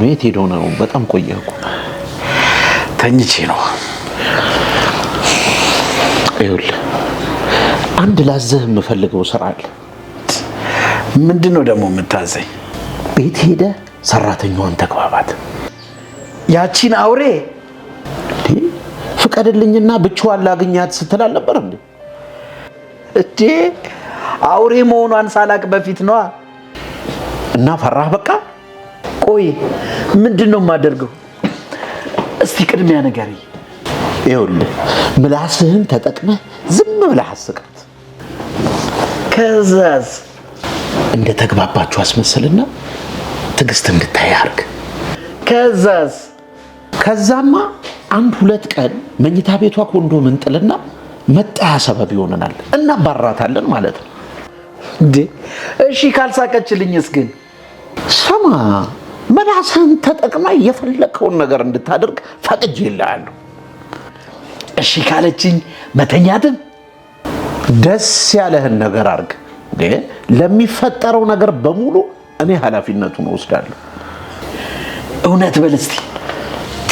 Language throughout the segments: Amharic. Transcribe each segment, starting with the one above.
ምንድን ነው? የት ነው? በጣም ቆየኩ። ተኝቼ ነው። ይኸውልህ አንድ ላዘህ የምፈልገው ስራ አለ። ምንድን ነው ደግሞ የምታዘኝ? ቤት ሄደ ሰራተኛዋን ተግባባት። ያቺን አውሬ ፍቀድልኝና ብቻዋን ላግኛት ስትል አልነበር እንዴ? እቴ አውሬ መሆኗን ሳላቅ በፊት ነዋ። እና ፈራህ በቃ ቆይ ምንድን ነው የማደርገው? እስቲ ቅድሚያ ነገር ይኸውልህ፣ ምላስህን ተጠቅመህ ዝም ብለህ አስቃት። ከዛዝ እንደ ተግባባችሁ አስመስልና ትዕግስት እንድታይ አድርግ። ከዛዝ ከዛማ አንድ ሁለት ቀን መኝታ ቤቷ ኮንዶም እንጥልና መጣያ ሰበብ ይሆነናል፣ እናባራታለን ማለት ነው። እንዴ እሺ፣ ካልሳቀችልኝስ ግን ስማ መላስህን ተጠቅማ የፈለከውን ነገር እንድታደርግ ፈቅጅ ይልሃለሁ። እሺ ካለችኝ መተኛትን ደስ ያለህን ነገር አርግ። ለሚፈጠረው ነገር በሙሉ እኔ ኃላፊነቱን ወስዳለሁ። እውነት በል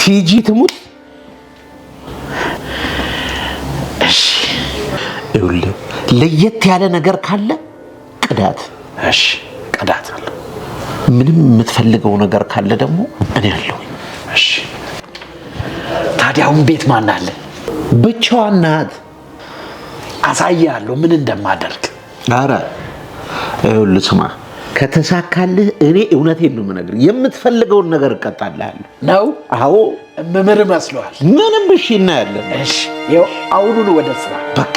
ቲጂ ትሙት። እሺ ይኸውልህ፣ ለየት ያለ ነገር ካለ ቅዳት። እሺ ቅዳት አለ ምንም የምትፈልገው ነገር ካለ ደግሞ እኔ አለሁ። እሺ ታዲያ ቤት ማን አለ? ብቻዋን ናት። አሳያለሁ ምን እንደማደርግ። አረ ይኸውልህ ስማ፣ ከተሳካልህ እኔ እውነቴን ነው የምነግርህ፣ የምትፈልገውን ነገር እቀጣልሃለሁ። ነው? አዎ። ምምር መስሏል። ምንም። እሺ እናያለን። እሺ፣ ይኸው አሁኑን ወደ ስራ በቃ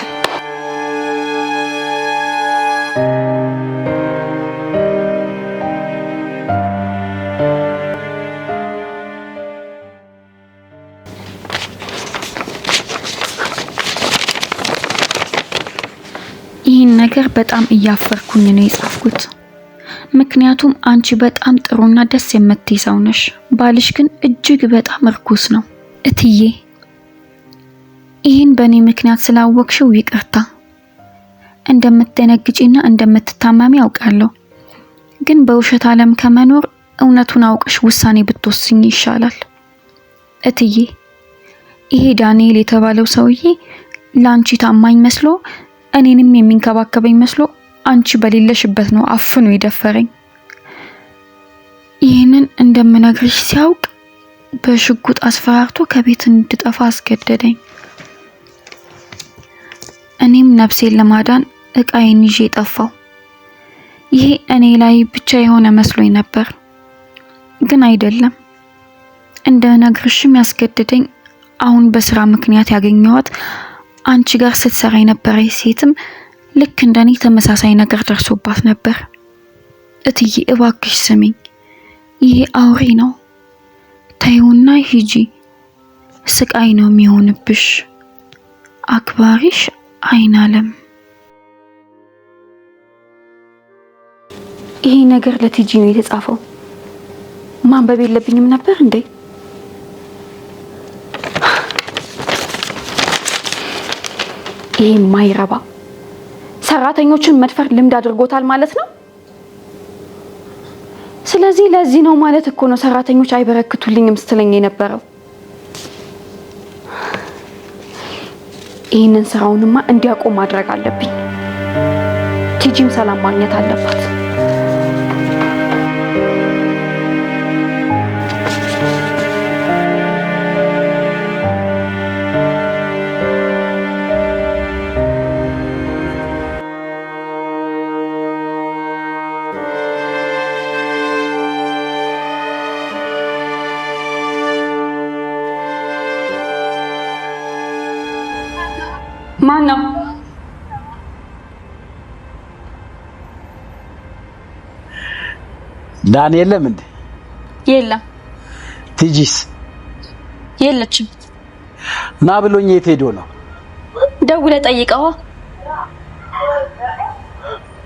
በጣም እያፈርኩኝ ነው የጻፍኩት። ምክንያቱም አንቺ በጣም ጥሩና ደስ የምትይ ሰው ነሽ፣ ባልሽ ግን እጅግ በጣም እርኩስ ነው እትዬ። ይህን በእኔ ምክንያት ስላወቅሽው ይቅርታ። እንደምትደነግጪና እንደምትታመሚ አውቃለሁ ግን በውሸት ዓለም ከመኖር እውነቱን አውቅሽ ውሳኔ ብትወስኝ ይሻላል እትዬ። ይሄ ዳንኤል የተባለው ሰውዬ ለአንቺ ታማኝ መስሎ እኔንም የሚንከባከበኝ መስሎ አንቺ በሌለሽበት ነው አፍኖ የደፈረኝ። ይህንን እንደምነግርሽ ሲያውቅ በሽጉጥ አስፈራርቶ ከቤት እንድጠፋ አስገደደኝ። እኔም ነፍሴን ለማዳን እቃዬን ይዤ ጠፋው። ይሄ እኔ ላይ ብቻ የሆነ መስሎኝ ነበር፣ ግን አይደለም። እንደ ነግርሽም ያስገደደኝ አሁን በስራ ምክንያት ያገኘኋት አንቺ ጋር ስትሰራ የነበረች ሴትም ልክ እንደኔ ተመሳሳይ ነገር ደርሶባት ነበር። እትዬ እባክሽ ስሚኝ፣ ይሄ አውሬ ነው ተይውና ሂጂ፣ ስቃይ ነው የሚሆንብሽ። አክባሪሽ አይን አለም ይሄ ነገር ለቲጂ ነው የተጻፈው። ማንበብ የለብኝም ነበር እንዴ? ይሄ ማይረባ ሰራተኞችን መድፈር ልምድ አድርጎታል ማለት ነው። ስለዚህ ለዚህ ነው ማለት እኮ ነው ሰራተኞች አይበረክቱልኝም ስትለኝ የነበረው። ይህንን ስራውንማ እንዲያቆም ማድረግ አለብኝ። ቲጂም ሰላም ማግኘት አለባት። ዳን የለም እንዴ? የለም። ትጂስ የለችም። ና ብሎኝ የት ሄዶ ነው? ደውለ ጠይቀዋ።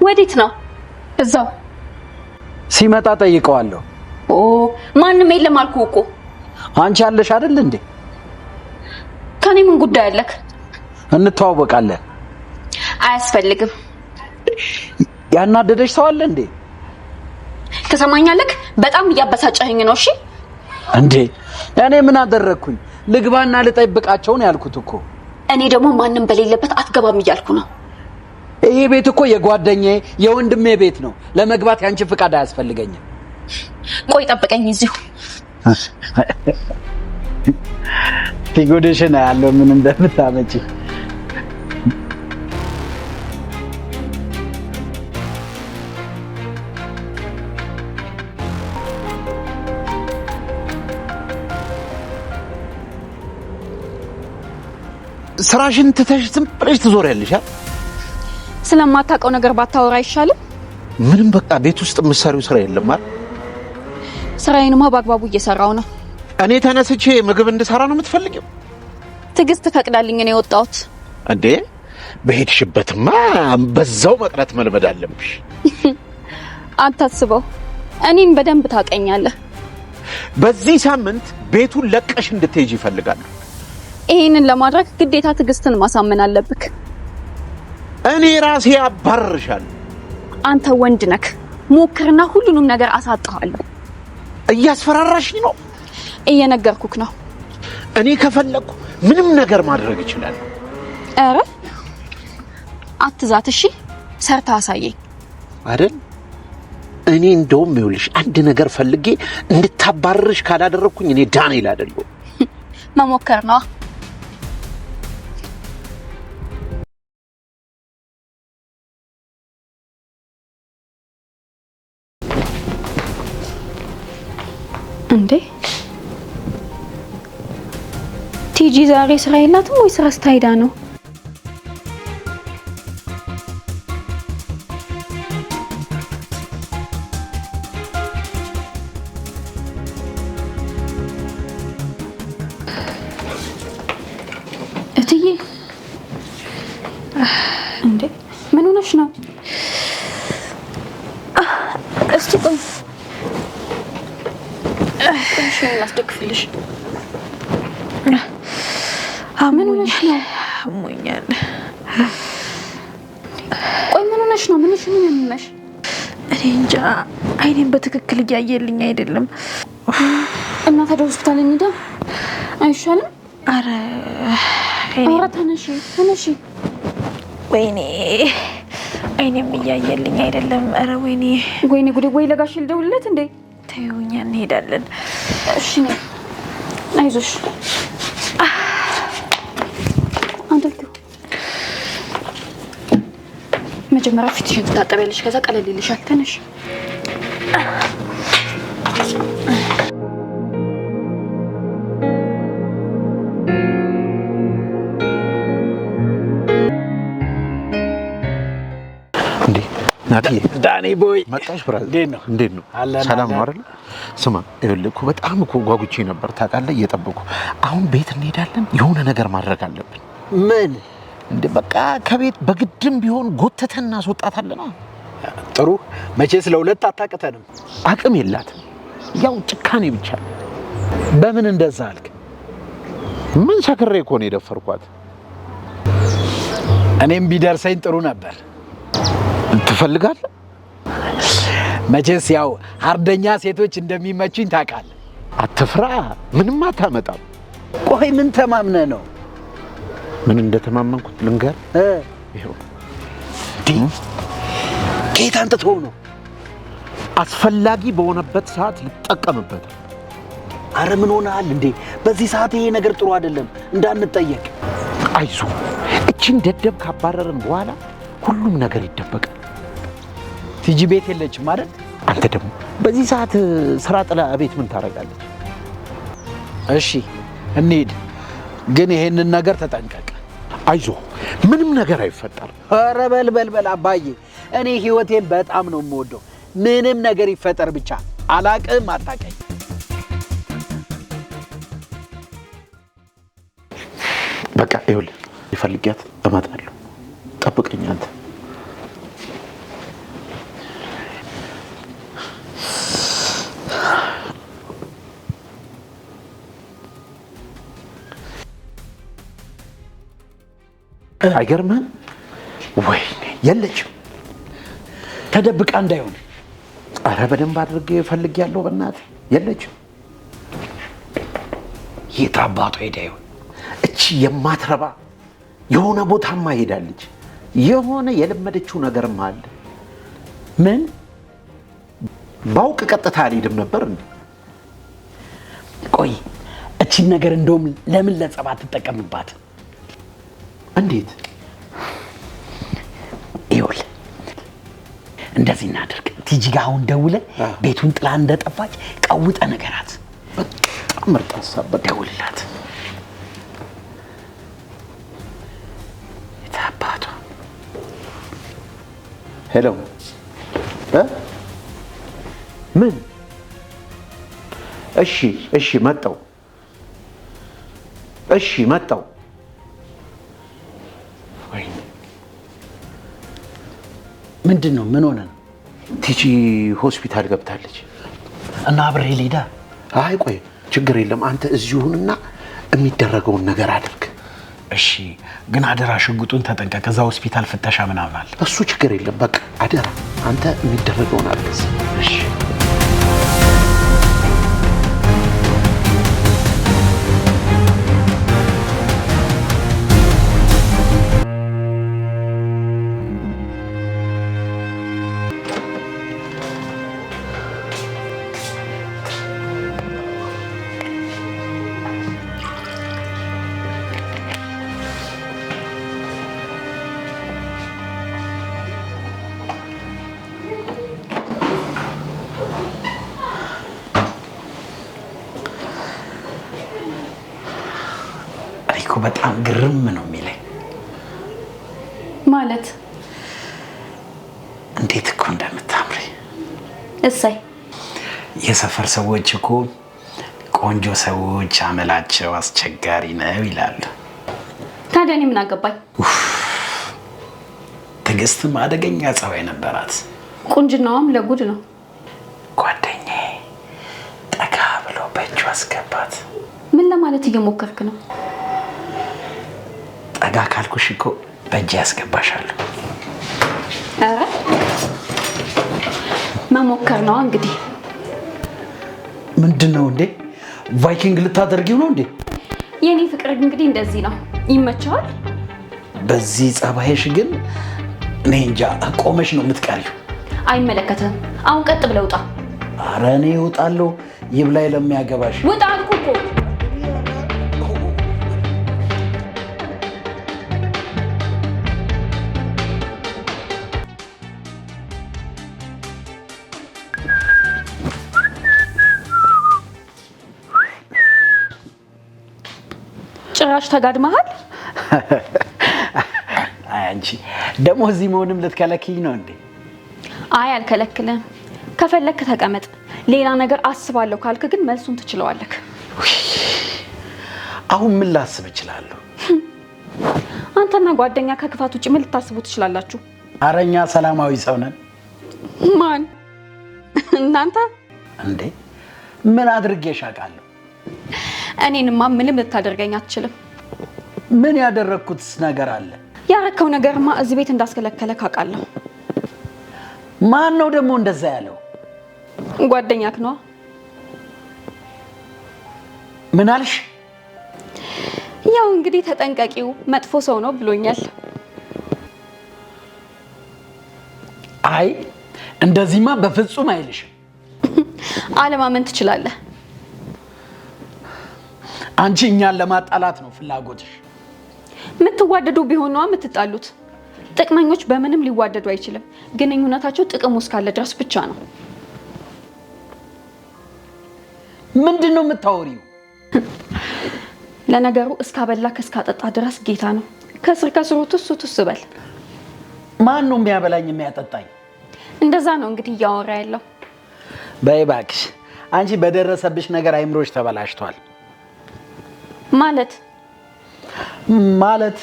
ወዴት ነው? እዛው ሲመጣ ጠይቀዋለሁ። ኦ ማንም የለም አልኩ እኮ። አንቺ አለሽ አይደል እንዴ? ከኔ ምን ጉዳይ አለክ? እንተዋወቃለን። አያስፈልግም። ያናደደሽ ሰው አለ እንዴ? ትሰማኛለህ? በጣም እያበሳጨኸኝ ነው። እሺ እንዴ እኔ ምን አደረግኩኝ? ልግባና ልጠብቃቸው ነው ያልኩት እኮ። እኔ ደግሞ ማንም በሌለበት አትገባም እያልኩ ነው። ይሄ ቤት እኮ የጓደኛዬ የወንድሜ ቤት ነው። ለመግባት ያንቺ ፍቃድ አያስፈልገኝም። ቆይ ጠብቀኝ እዚሁ። ሊጎድሽን ያለው ምን እንደምታመጪ ስራሽን ትተሽ ዝም ብለሽ ትዞሪያለሽ። ስለማታውቀው ነገር ባታወራ አይሻልም? ምንም በቃ ቤት ውስጥ የምትሰሪው ስራ የለም አይደል? ስራዬንማ በአግባቡ እየሰራው ነው። እኔ ተነስቼ ምግብ እንድሰራ ነው የምትፈልጊው? ትዕግስት ፈቅዳልኝ ነው የወጣሁት። እንዴ በሄድሽበትማ በዛው መቅረት መልመድ አለብሽ። አታስበው፣ እኔን በደንብ ታውቀኛለህ። በዚህ ሳምንት ቤቱን ለቀሽ እንድትሄጂ ይፈልጋሉ። ይሄንን ለማድረግ ግዴታ ትዕግስትን ማሳመን አለብክ። እኔ ራሴ አባርርሻለሁ። አንተ ወንድ ነክ፣ ሞክርና ሁሉንም ነገር አሳጥሃለሁ። እያስፈራራሽ ነው። እየነገርኩክ ነው። እኔ ከፈለኩ ምንም ነገር ማድረግ እችላለሁ። ኧረ አትዛት። እሺ ሰርታ አሳየኝ አይደል? እኔ እንደውም ይኸውልሽ አንድ ነገር ፈልጌ እንድታባርርሽ ካላደረኩኝ እኔ ዳንኤል አይደለሁ። መሞከር ነዋ። እንዴ ቲጂ ዛሬ ስራ የላትም ወይ ስራ ስታይዳ ነው? ምንሽ ነው? ምንሽ ምን ያመመሽ? እኔ እንጃ፣ አይኔን በትክክል እያየልኝ አይደለም። እና ታዲያ ሆስፒታል እንሂዳ አይሻልም? አረ አረ፣ ተነሺ ተነሺ። ወይኔ አይኔም እያየልኝ አይደለም። አረ ወይኔ ወይኔ ጉዴ! ወይ ለጋሽ ልደውልለት እንዴ? ተይው፣ እኛ እንሄዳለን። እሺ፣ አይዞሽ መጀመሪያ ፊትሽን ትታጠቢያለሽ፣ ከዛ ቀለል ይልሻል። ተነሽ። ዳኒ ቦይ መጣሽ? ብራዘር እንዴት ነው? ሰላም ነው አይደል? ስማ ይኸውልህ እኮ በጣም እኮ ጓጉቼ ነበር ታውቃለህ፣ እየጠበኩ አሁን ቤት እንሄዳለን። የሆነ ነገር ማድረግ አለብን። ምን በቃ ከቤት በግድም ቢሆን ጎተተን እናስወጣታለና። ጥሩ መቼስ ለሁለት አታቅተንም። አቅም የላትም ያው ጭካኔ ብቻ። በምን እንደዛ አልክ? ምን ሰክሬ እኮ ነው የደፈርኳት። እኔም ቢደርሰኝ ጥሩ ነበር። ትፈልጋለህ? መቼስ ያው አርደኛ ሴቶች እንደሚመቹኝ ታውቃለህ። አትፍራ፣ ምንም አታመጣም። ቆይ ምን ተማምነ ነው ምን እንደተማመንኩት ልንገር። ይኸው ከየት አንጥቶ ነው አስፈላጊ በሆነበት ሰዓት ልጠቀምበት። አረ ምን ሆነሃል እንዴ? በዚህ ሰዓት ይሄ ነገር ጥሩ አይደለም፣ እንዳንጠየቅ። አይዞ እችን ደደብ ካባረርን በኋላ ሁሉም ነገር ይደበቃል። ቲጂ ቤት የለችም አይደል? አንተ ደግሞ በዚህ ሰዓት ስራ ጥላ ቤት ምን ታደርጋለች? እሺ እንሂድ፣ ግን ይሄንን ነገር ተጠንቀቅ። አይዞ ምንም ነገር አይፈጠር። ኧረ በል በል አባዬ፣ እኔ ህይወቴን በጣም ነው የምወደው። ምንም ነገር ይፈጠር ብቻ አላቅም አታቀኝ። በቃ ይኸውልህ፣ ይፈልጊያት እመጣለሁ። ጠብቀኝ አንተ አይገርምህም? ወይኔ የለችም። ተደብቃ እንዳይሆን አረ በደንብ አድርጌ እፈልጊያለሁ። በእናትህ የለችም። የት አባቷ ሄዳ ይሆን እቺ የማትረባ? የሆነ ቦታማ ሄዳለች። የሆነ የለመደችው ነገርም አለ። ምን ባውቅ ቀጥታ አልሄድም ነበር እንዴ? ቆይ እቺን ነገር እንደውም ለምን ለጸባ ትጠቀምባት? እንዴት? ይውል እንደዚህ እናደርግ። ቲጂ ጋ አሁን ደውለ ቤቱን ጥላ እንደጠፋች ቀውጠ ነገራት። በጣም ምርጥ ሀሳብ። ደውልላት የታባቷ። ሄሎ ምን? እሺ፣ እሺ መጣው። እሺ መጣው ምንድን ነው? ምን ሆነ ነው? ቲጂ ሆስፒታል ገብታለች እና አብሬ ሊዳ አይ ቆይ ችግር የለም አንተ እዚሁንና የሚደረገውን ነገር አድርግ። እሺ ግን አደራ ሽጉጡን ተጠንቀቅ። እዛ ሆስፒታል ፍተሻ ምናምን አለ። እሱ ችግር የለም በቃ አደራ አንተ የሚደረገውን አድርግ። እሺ በጣም ግርም ነው የሚለኝ። ማለት እንዴት እኮ እንደምታምሪ እሰይ። የሰፈር ሰዎች እኮ ቆንጆ ሰዎች አመላቸው አስቸጋሪ ነው ይላሉ። ታዲያ እኔ ምን አገባኝ? ትዕግስትም አደገኛ ጸባይ ነበራት። ቁንጅናዋም ለጉድ ነው። ጓደኛዬ ጠጋ ብሎ በእጁ አስገባት። ምን ለማለት እየሞከርክ ነው? ረጋ ካልኩሽ እኮ በእጅ ያስገባሻለሁ። ኧረ መሞከር ነዋ እንግዲህ። ምንድን ነው እንዴ? ቫይኪንግ ልታደርጊው ነው እንዴ? የኔ ፍቅር እንግዲህ እንደዚህ ነው። ይመቸዋል። በዚህ ጸባይሽ ግን እኔ እንጃ፣ ቆመሽ ነው የምትቀሪው። አይመለከትም። አሁን ቀጥ ብለህ ውጣ። ኧረ እኔ እወጣለሁ። ይብላኝ ለሚያገባሽ ውጣ። ጭራሽ ተጋድመሃል። አንቺ ደግሞ እዚህ መሆንም ልትከለክልኝ ነው እንዴ? አይ አልከለክልም። ከፈለክ ተቀመጥ። ሌላ ነገር አስባለሁ ካልክ ግን መልሱን ትችለዋለክ። አሁን ምን ላስብ እችላለሁ? አንተና ጓደኛ ከክፋት ውጭ ምን ልታስቡ ትችላላችሁ? አረኛ ሰላማዊ ሰው ነን። ማን? እናንተ እንዴ? ምን አድርጌ ሻቃለሁ? እኔንማ ምንም ልታደርገኝ አትችልም። ምን ያደረግኩትስ ነገር አለ? ያረከው ነገርማ እዚህ ቤት እንዳስከለከለ ካውቃለሁ። ማን ነው ደግሞ እንደዛ ያለው? ጓደኛክ ነዋ። ምን አልሽ? ያው እንግዲህ ተጠንቀቂው መጥፎ ሰው ነው ብሎኛል። አይ እንደዚህማ በፍጹም አይልሽም። አለማመን ትችላለህ። አንቺ እኛን ለማጣላት ነው ፍላጎትሽ። የምትዋደዱ ቢሆን ነዋ የምትጣሉት። ጥቅመኞች በምንም ሊዋደዱ አይችልም። ግንኙነታቸው ጥቅሙ እስካለ ድረስ ብቻ ነው። ምንድን ነው የምታወሪው? ለነገሩ እስካበላ እስካጠጣ ድረስ ጌታ ነው። ከስር ከስሩ ትሱ ትስ በል። ማን ነው የሚያበላኝ የሚያጠጣኝ? እንደዛ ነው እንግዲህ እያወራ ያለው። በይ እባክሽ አንቺ በደረሰብሽ ነገር አይምሮች ተበላሽቷል። ማለት ማለት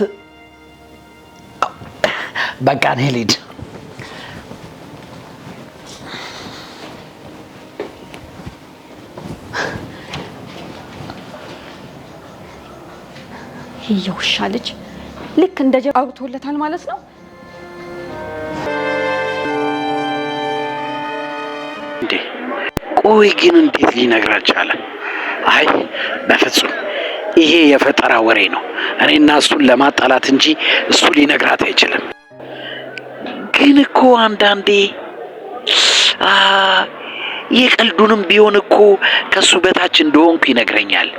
በቃ እኔ ልሂድ። የውሻ ልጅ ልክ እንደ ጀ አውጥቶለታል ማለት ነው። ቆይ ግን እንዴት ሊነግራት ቻለ? አይ በፍጹም ይሄ የፈጠራ ወሬ ነው። እኔና እሱን ለማጣላት እንጂ እሱ ሊነግራት አይችልም። ግን እኮ አንዳንዴ የቀልዱንም ቢሆን እኮ ከእሱ በታች እንደሆንኩ ይነግረኛል።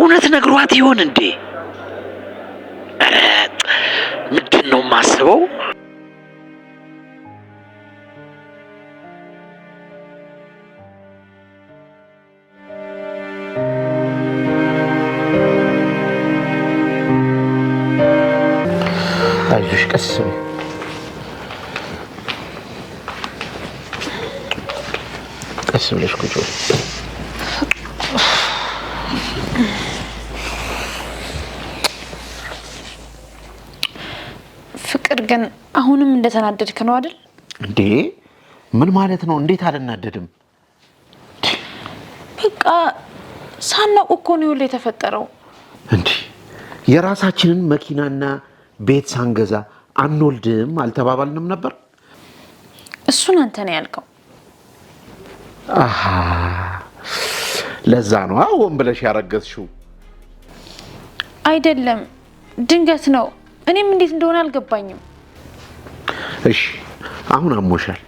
እውነት ነግሯት ይሆን እንዴ? ምንድን ነው የማስበው? ቀስ ብሎ ቀስ ብለሽ ቁጭ በል። ፍቅር ግን አሁንም እንደተናደድክ ነው አይደል? እንዴ ምን ማለት ነው? እንዴት አልናደድም? በቃ ሳናውቅ እኮ ነው ሁሉ የተፈጠረው። እንዲህ የራሳችንን መኪናና ቤት ሳንገዛ አንወልድም አልተባባልንም ነበር? እሱን አንተ ነው ያልከው። ለዛ ነው አሁን ብለሽ ያረገዝሽው። አይደለም ድንገት ነው። እኔም እንዴት እንደሆነ አልገባኝም። እሺ አሁን አሞሻል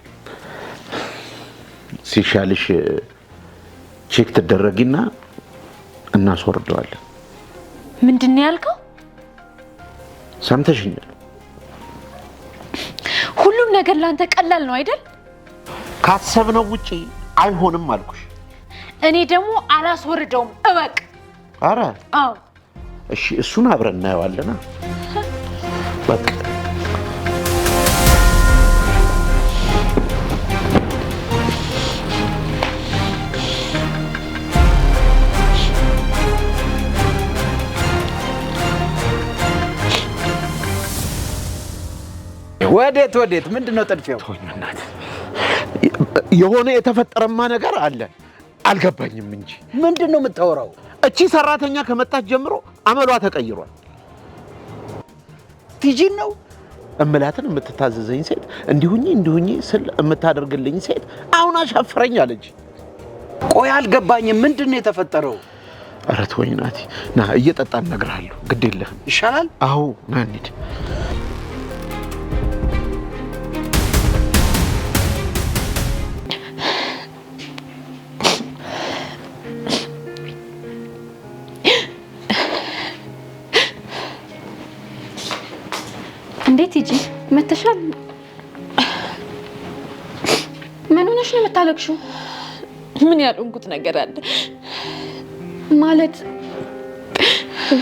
ሲሻልሽ ቼክ ትደረጊና እናስወርደዋለን። ምንድን ነው ያልከው? ሰምተሽኛል ነገር ለአንተ ቀላል ነው አይደል? ካሰብነው ውጪ አይሆንም አልኩሽ። እኔ ደግሞ አላስወርደውም። እበቅ። አረ፣ አዎ፣ እሺ፣ እሱን አብረን እናየዋለና በቃ ወዴት ወዴት? ምንድን ነው ጥድፌው? የሆነ የተፈጠረማ ነገር አለ አልገባኝም እንጂ ምንድን ነው የምታወራው? እቺ ሰራተኛ ከመጣች ጀምሮ አመሏ ተቀይሯል። ቲጂን ነው እምላትን የምትታዘዘኝ ሴት እንዲሁኝ እንዲሁኝ ስል የምታደርግልኝ ሴት አሁን አሻፈረኝ አለች። ቆይ አልገባኝም፣ ምንድን ነው የተፈጠረው? ኧረ ተወኝ ናቲ፣ ና እየጠጣን እነግርሃለሁ። ግድ የለህም ይሻላል። አዎ ና እንሂድ። መተሻል። ምን ሆነሽ ነው የምታለቅሽው? ምን ያልሆንኩት ነገር አለ ማለት?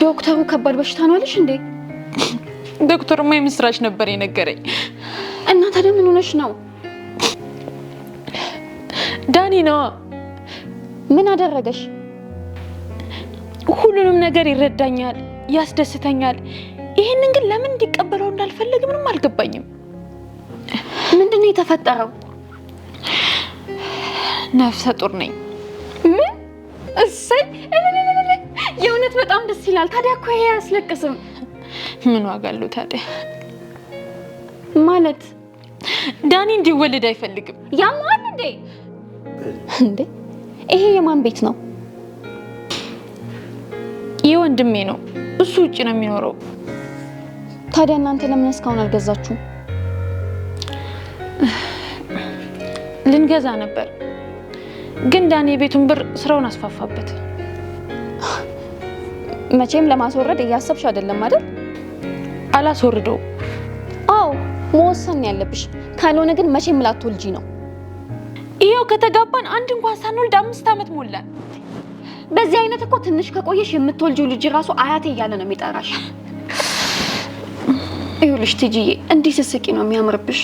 ዶክተሩ ከባድ በሽታ ነው አለሽ እንዴ? ዶክተሩማ የምስራች ነበር የነገረኝ። እና ታዲያ ምን ሆነሽ ነው? ዳኒ ነዋ። ምን አደረገሽ? ሁሉንም ነገር ይረዳኛል፣ ያስደስተኛል ይሄንን ግን ለምን እንዲቀበለው እንዳልፈለግ ምንም አልገባኝም። ምንድን ነው የተፈጠረው? ነፍሰ ጡር ነኝ። ምን? እሰይ! የእውነት በጣም ደስ ይላል። ታዲያ እኮ ይሄ አያስለቅስም። ምን ዋጋ አለው ታዲያ? ማለት ዳኒ እንዲወለድ አይፈልግም። ያማል እንዴ? እንዴ ይሄ የማን ቤት ነው? የወንድሜ ነው። እሱ ውጭ ነው የሚኖረው። ታዲያ እናንተ ለምን እስካሁን አልገዛችሁም? ልንገዛ ነበር፣ ግን ዳኔ የቤቱን ብር ስራውን አስፋፋበት። መቼም ለማስወረድ እያሰብሽ አይደለም አይደል? አላስወርደውም። አዎ መወሰን ያለብሽ ካልሆነ ግን መቼም ላትወልጂ ነው። ይኸው ከተጋባን አንድ እንኳን ሳንወልድ አምስት ዓመት ሞላን። በዚህ አይነት እኮ ትንሽ ከቆየሽ የምትወልጂው ልጅ ራሱ አያቴ እያለ ነው የሚጠራሽ። ይኸውልሽ ትጅዬ እንዲህ ስትስቂ ነው የሚያምርብሽ።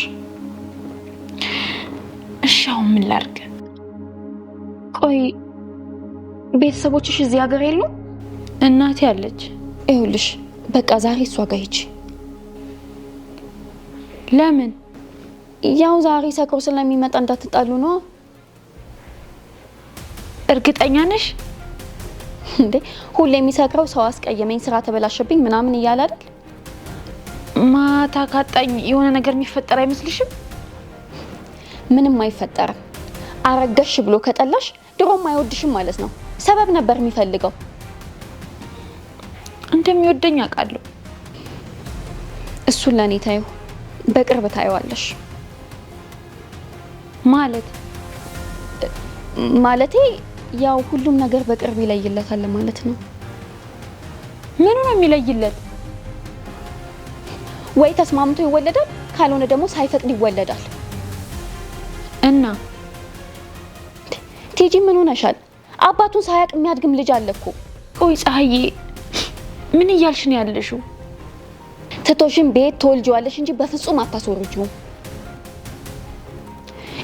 እሺ አሁን ምን ላድርግ? ቆይ ቤተሰቦችሽ እዚህ ሀገር የሉም? እናቴ አለች። ይኸውልሽ በቃ ዛሬ እሷ ጋር ሂጂ። ለምን? ያው ዛሬ ሰክሮ ስለሚመጣ እንዳትጣሉ ነው። እርግጠኛ ነሽ እንዴ? ሁሌ የሚሰክረው ሰው አስቀየመኝ፣ ስራ ተበላሸብኝ ምናምን እያለ አይደል ማታ ካጣኝ የሆነ ነገር የሚፈጠር አይመስልሽም? ምንም አይፈጠርም። አረጋሽ ብሎ ከጠላሽ ድሮም አይወድሽም ማለት ነው። ሰበብ ነበር የሚፈልገው። እንደሚወደኝ አውቃለሁ። እሱን ለእኔ ታየው በቅርብ ታየዋለሽ። ማለት ማለቴ ያው ሁሉም ነገር በቅርብ ይለይለታል ማለት ነው። ምኑ ነው የሚለይለት? ወይ ተስማምቶ ይወለዳል፣ ካልሆነ ደግሞ ሳይፈቅድ ይወለዳል። እና ቲጂ ምን ሆነሻል? አባቱን ሳያውቅ የሚያድግም ልጅ አለ እኮ። ቆይ ፀሐዬ፣ ምን እያልሽ ነው ያለሽው? ትቶሽን ቤት ትወልጂዋለሽ እንጂ በፍጹም አታስወርጂውም።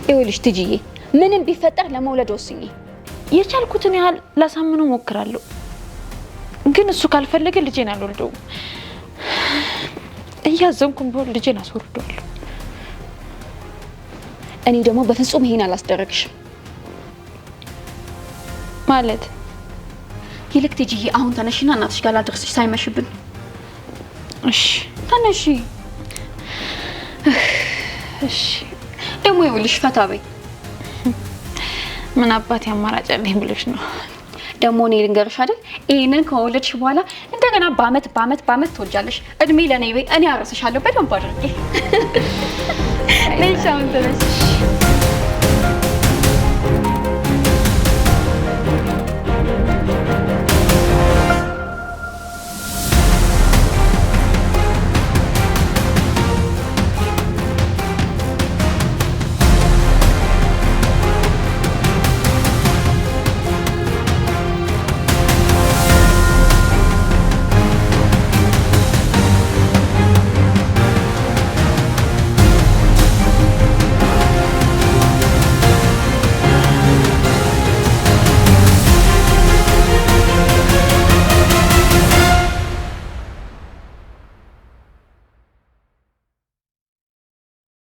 ይኸውልሽ ትጂዬ፣ ምንም ቢፈጠር ለመውለድ ወስኝ። የቻልኩትን ያህል ላሳምነው ሞክራለሁ፣ ግን እሱ ካልፈለገ ልጄን አልወልደውም። እያዘንኩም ቢሆን ልጄን አስወርደዋለሁ። እኔ ደግሞ በፍጹም ይሄን አላስደረግሽም ማለት ይልቅ ቲጂዬ አሁን ተነሽና እናትሽ ጋር ላድርስሽ ሳይመሽብን። እሺ ተነሺ። እሺ ደግሞ ይኸውልሽ ፈታ በይ። ምን አባቴ አማራጭ አለኝ ብለሽ ነው? ደግሞ እኔ ልንገርሽ አይደል ይህንን ከወለድሽ በኋላ እንደገና በአመት በአመት በአመት ትወጃለሽ። እድሜ ለእኔ ቤ እኔ አረስሻለሁ በደንብ አድርጌ